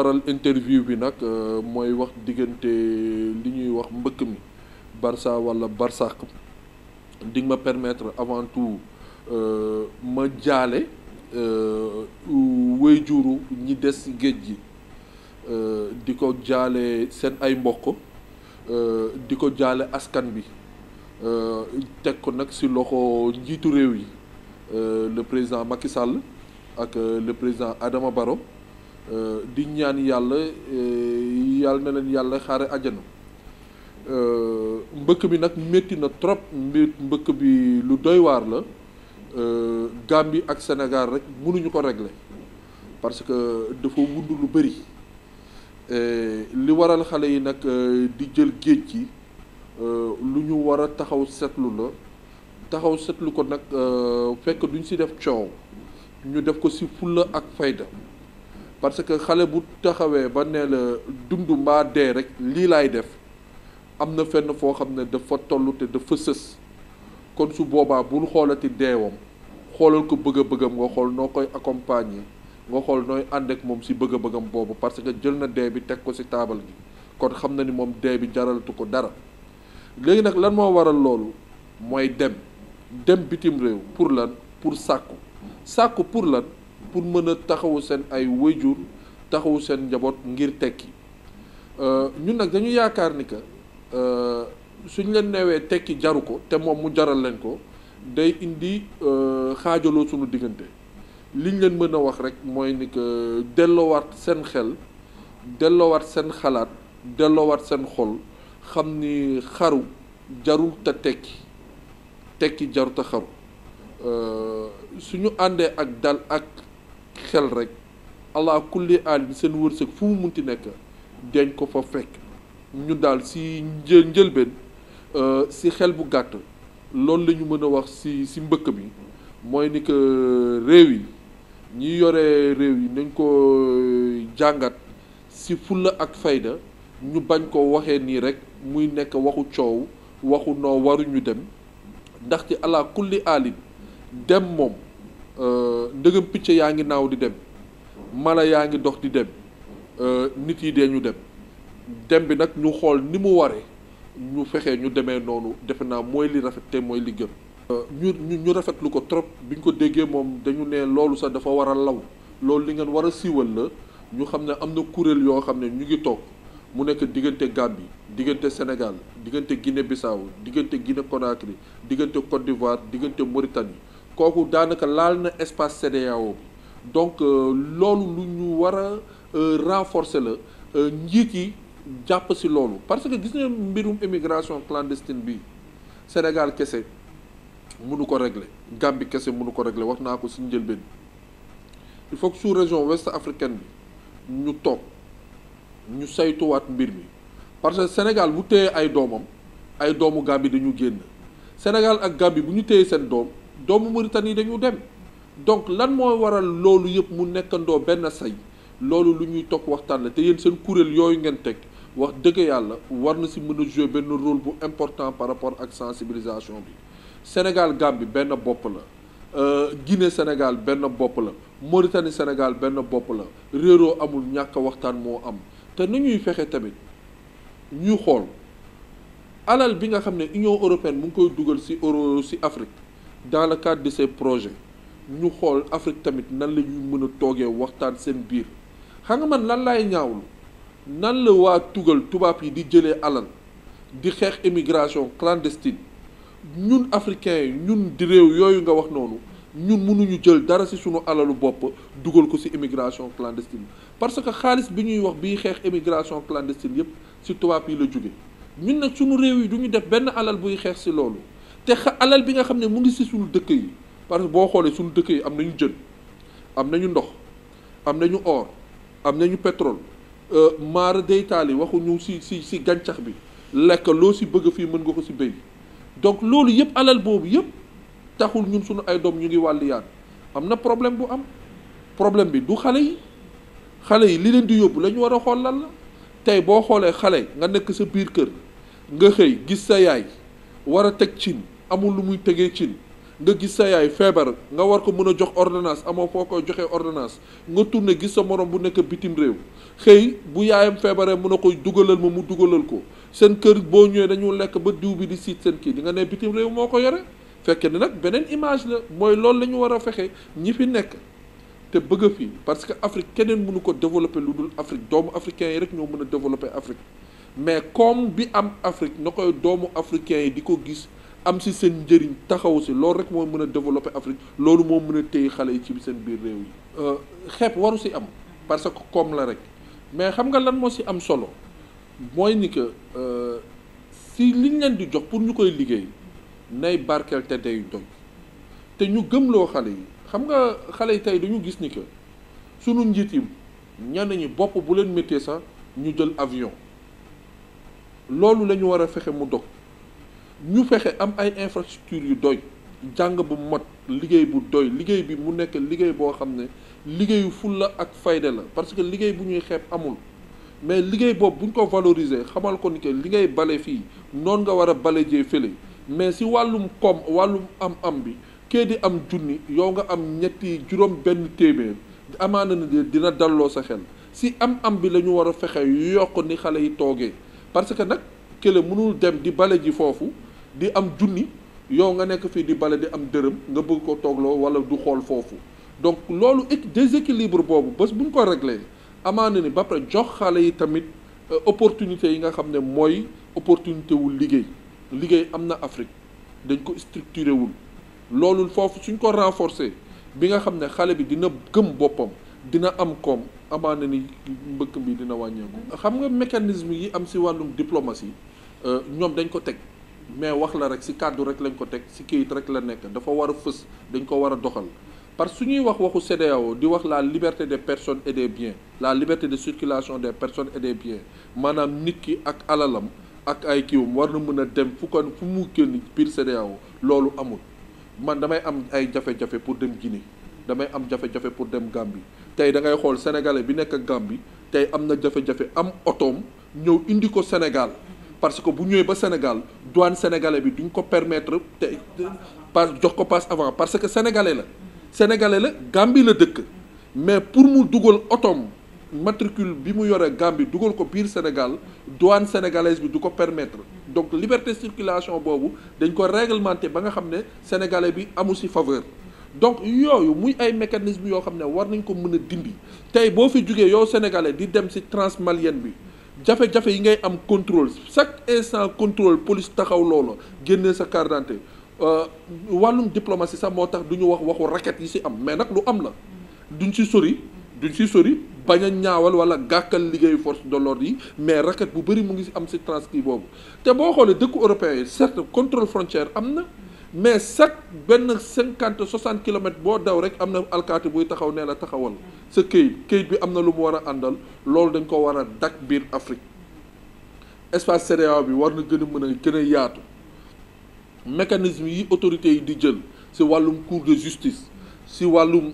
waral interview bi nag euh, mooy wax diggante li ñuy wax mbëkk mi Barça wala Barsaq di ma permettre avant tout euh, ma jaale euh, wéyjuru ñi des géej gi di ko jaale seen ay mbokk di ko jaale askan bi teg ko nag ci loxo njiitu réew yi le président Macky Sall ak le président Adama baro Euh, di ñaan yàlla euh, yàlla na leen yàlla xaare àjjana euh, mbëkk bi nag métti na trop mbir mbëkk bi lu doy waar la Gambie ak Sénégal rek mënuñu ko regle parce que dafa wund lu bëri li waral xale yi nag di jël géej gi lu ñu war a taxaw seetlu la taxaw seetlu ko nag fekk duñ si def coow ñu def ko ci fulla ak fayda parce que xale bu taxawee ba nee la dund mbaa dee rek lii laay def am na fenn foo xam ne dafa toll te dafa sës kon su boobaa bul xoolati deewam xoolal ko bëgg a bëggam nga xool noo koy accompagner nga xool nooy ànd ak moom si bëgg a bëggam boobu parce que jël na dee bi teg ko si taabal gi kon xam na ni moom dee bi jaralatu ko dara léegi nag lan moo waral loolu mooy dem dem bitim réew pour lan pour sàkku sàkku pour lan pour mën a taxawu seen ay wéjur taxawu seen njaboot ngir tekki euh, ñu nag dañu yaakaar ni que euh, suñ leen newee tekki jaru ko te moom mu jaral leen ko day indi euh, xaajaloo suñu diggante liñ leen mën a wax rek mooy ni que delloowaat seen xel delloowaat seen xalaat delloowaat seen xol xam ni xaru jarul te tekki tekki jarut a xaru suñu àndee ak dal ak xel rek allah kulli seen wërsëg fu mu munti nekk dañ ko fa fekk ñu daal si një njëlbeen euh, si xel bu gàtt loolu lañu ñu mën a wax si si mbëkk bi mooy ni que euh, réew yi ñi yore réew yi nañ ko euh, jàngat si fulla ak fayda ñu bañ ko waxee nii rek muy nekk waxu coow waxu noo waruñu dem ndax ci kulli alit dem moom. Euh, ndëgëm picc yaa ngi naaw di dem mala yaa ngi dox di dem euh, nit yi dee ñu dem dem bi nag ñu xool ni mu waree ñu fexe ñu demee noonu defe naa mooy li rafet te mooy li gën. Euh, ñu ñu ñu rafetlu ko trop bi ñu ko déggee moom dañu ne loolu sax dafa war a law loolu li ngeen war a siiwal la ñu xam ne am na kuréel yoo xam ne ñu ngi toog mu nekk diggante Gambie diggante Sénégal diggante Guinée Bissau diggante Guinée Conakry diggante Côte d'Ivoire diggante Mauritanie. kooku daanaka laal na espace CEDEAO bi donc euh, loolu lu ñu war a euh, renforcer la euh, njiit yi jàpp si loolu parce que gis nga mbirum immigration clandestine bi Sénégal kese mënu ko régler Gambie kese mënu ko régler wax naa ko si njëlbeen il faut que sous région ouest africaine bi ñu toog ñu saytuwaat mbir mi parce que Sénégal bu téye ay doomam ay doomu Gambie dañu génn Sénégal ak Gambie bu ñu téye seen doom. doomu Mauritanie dañu dem donc lan moo waral loolu yëpp mu nekkandoo benn say loolu lu ñuy toog waxtaan la te yéen seen kuréel yooyu ngeen teg wax dëgg yàlla war na si mën a jouer benn rôle bu important par rapport ak sensibilisation bi Sénégal Gambie benn bopp la euh, Guinée Sénégal benn bopp la Mauritanie Sénégal benn bopp la réeroo amul ñàkk waxtaan moo am te ni ñuy fexe tamit ñuy xool alal bi nga xam ne Union européenne mu ngi koy dugal si euro si Afrique. dans le cadre de ces projets ñu xool Afrique tamit nan la ñuy mën a toogee waxtaan seen biir xam nga man lan laay ñaawlu nan la waa tugal tubaab yi di jëlee alal di xeex immigration clandestine ñun africains yi ñun di réew yooyu nga wax noonu ñun mënuñu jël dara si sunu alalu bopp dugal ko ci immigration clandestine parce que xaalis bi ñuy wax bii xeex immigration clandestine yépp ci tubaab yi la jóge ñun nag sunu réew yi du ñu def benn alal buy xeex ci loolu te alal bi nga xam ne mu ngi si suñu dëkk yi parce que boo xoolee suñu dëkk yi am nañu jën am nañu ndox am nañu or am nañu pétrole euh, maara day taali waxuñu si si si gàncax bi lekk loo si bëgg fii mën nga ko si béy donc loolu yëpp alal boobu yëpp taxul ñun suñu ay doom ñu ngi wàlli yaan am na problème bu am problème bi du xale yi xale yi li leen di yóbbu lañu war a xool lan la tey boo xoolee xale nga nekk sa biir kër nga xëy gis sa yaay war a teg cin amul lu muy tegee cin nga gis sa yaay feebar nga war ko mën a jox ordonance amoo foo koy joxee ordonance nga tourné gis sa morom bu nekk bitim réew xëy bu yaayam feebaree mën a koy dugalal ma mu dugalal ko seen kër boo ñëwee dañu lekk ba diw bi di siit seen kii di nga ne bitim réew moo ko yore fekke ne nag beneen image la mooy loolu la ñu war a fexe ñi fi nekk te bëgg fi parce que Afrique keneen mënu ko développer lu dul Afrique doomu africain yi rek ñoo mën a développer Afrique mais comme bi am Afrique na koy doomu africain yi di ko gis am si seen njëriñ taxaw si loolu rek moo mën a développer Afrique loolu moo mën a téye xale yi ci seen biir réew yi. Euh, xeeb waru si am parce que comme la rek mais xam nga lan moo si am solo mooy ni que si euh, liñ leen di jox pour ñu koy liggéey nay barkeel te day doy te ñu gëmloo xale yi xam nga xale yi tey dañu gis ni que sunu njiit yi ñenn ñi bopp bu leen méttee sax ñu jël avion. loolu la ñu war a fexe mu dog ñu fexe am ay infrastructure yu doy jàng bu mat liggéey bu doy liggéey bi mu nekk liggéey boo xam ne liggéeyu fulla ak fayde la parce que liggéey bu ñuy xeeb amul mais liggéey boobu bu ñu ko valoriser xamal ko ni que li ngay bale fii noonu nga war a bale jee fële mais si wàllum koom wàllum am-am bi kee di am junni yow nga am ñetti juróom benn téeméer amaana na dina dalloo sa xel si am-am bi lañu ñu war a fexe yokk ni xale yi toogee. parce que nag kële mënul dem di bale ji foofu di am junni yow nga nekk fii di bale di am dërëm nga bëgg ko toogloo wala du xool foofu donc loolu déséquilibre boobu bés bu ñu ko réglé amaana ni ba pare jox xale yi tamit euh, opportunité yi nga xam ne mooy opportunité wul liggéey liggéey am na Afrique dañ ko structuré wul loolu foofu suñ ko renforcer bi nga xam ne xale bi dina gëm boppam dina am koom amaana ni mbëkk bi dina wàññeeku. xam nga mécanisme yi am si wàllum diplomatie euh, ñoom dañ ko teg mais wax la rek si kàddu rek lañ ko teg si kayit rek la nekk dafa war a fës dañ ko war a doxal parce que su ñuy wax waxu CEDEAO di wax laa liberté des personnes et des biens la liberté de circulation des personnes et des bien maanaam nit ki ak alalam ak ay kiiwam war na mën a dem fu ko fu mu génn biir CEDEAO loolu amul man damay am ay jafe pour dem Guinée. damay am jafe-jafe pour dem Gambie tey da ngay xool sénégalais bi nekk Gambie tey am na jafe-jafe am otoom ñëw indi ko Sénégal parce que bu ñëwee ba Sénégal douane sénégalais bi duñ ko permettre te par jox ko passe avant parce que sénégalais la sénégalais la Gambie la dëkk mais pour mu dugal otoom matricule bi mu yore Gambie dugal ko biir Sénégal douane sénégalaise bi du ko permettre donc liberté circulation boobu dañ ko réglementer ba nga xam ne sénégalais bi amu si faveur donc yooyu muy ay mécanisme yoo xam ne war nañ ko mën a dindi tey boo fi jugee yow sénégalais di dem ci transmalienne bi jafe-jafe yi ngay am contrôle chaque instant contrôle police taxaw loola génnee sa carte d'identité euh, wàllum diplomatie sax moo tax du ñu wax waxu raquette yi ci am mais nag lu am la duñ ci sori duñ ci sori bañ a ñaawal wala gàkkal liggéeyu force de l'ordre yi mais raquette bu bëri mu ngi ci am ci transcrit boobu te boo xoolee dëkku européen yi certes contrôle am na mais chaque benn cinquante soixante kilomètres boo daw rek am na alkaati buy taxaw nee la taxawal sa këyit këyit bi am na lu mu war a àndal loolu dañ ko war a dak biir Afrique espace CEDEAO bi war na gën a mën a gën a yaatu mécanisme yi autorités yi di jël si wàllum cour de justice si wàllum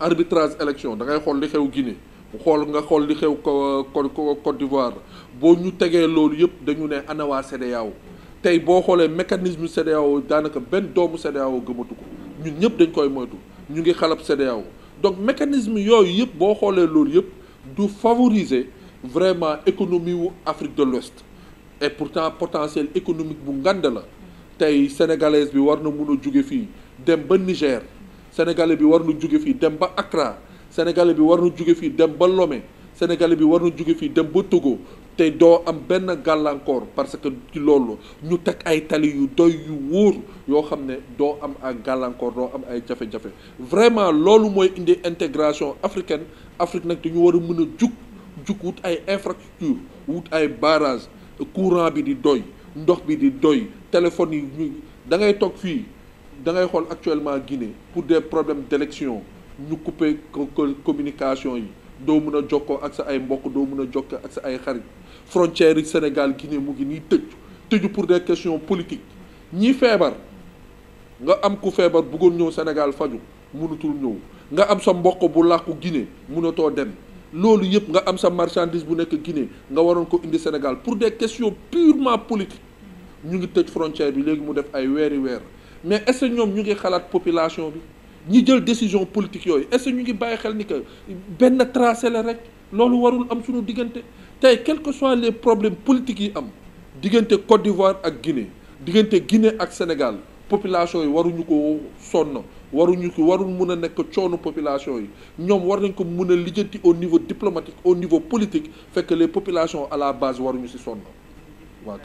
arbitrage élection da ngay xool di xew Guinée xool nga xool di xew Côte d'Ivoire boo ñu tegee loolu yëpp dañu ne ana waa tey boo xoolee mécanisme CEDEAO daanaka benn doomu CEDEAO gëmatu ko ñun ñëpp dañ koy moytu ñu ngi xalab CEDEAO donc mécanisme yooyu yëpp boo xoolee loolu yëpp du favoriser vraiment économie wu Afrique de l'Ouest et pourtant potentiel économique bu ngand la tey sénégalaise bi war na mun juge fii dem ba Niger sénégalais bi war na jóge fii dem ba Accra sénégalais bi war na jóge fii dem ba Lomé sénégalais bi war na jóge fii dem ba Togo te doo am benn gàllankoor parce que ci loolu ñu teg ay tali yu doy yu wóor yoo xam ne doo am ak gàllankoor doo am ay jafe-jafe vraiment loolu mooy indi intégration africaine Afrique nag dañu war a mën a jug jug wut ay infrastructure wut ay barrage courant bi di doy ndox bi di doy téléphone yi ñu da ngay toog fii dangay xool actuellement Guinée pour des problèmes d'élection ñu couper communication yi doo mun a jokkoo ak sa ay mbokk doo mun a jokkoo ak sa ay xarit frontière Sénégal Guinée mu ngi nii tëj tëju pour des question politique ñii feebar nga am ku feebar buggoon ñëw Sénégal faju mënatul ñëw nga am sa mbokk bu làqu Guinée mënatoo dem loolu yëpp nga am sa marchandise bu nekk Guinée nga waroon ko indi Sénégal pour de questions purement politiques ñu ngi tëj frontière bi léegi mu def ay weeri weer mais est-ce ñoom ñu ngi xalaat population bi ñi jël décision politique yooyu est-ce ñu ngi bàyyi xel ni que benn tracé la rek loolu warul am suñu diggante tey quel que soit les problèmes politiques yi am diggante Côte d'Ivoire ak Guinée diggante Guinée ak Sénégal population yi waruñu ko sonn waruñu ko warul mun a nekk coono population yi ñoom war nañ ko mun a lijjanti au niveau diplomatique au niveau politique fekk les populations à la base waruñu si sonn waaw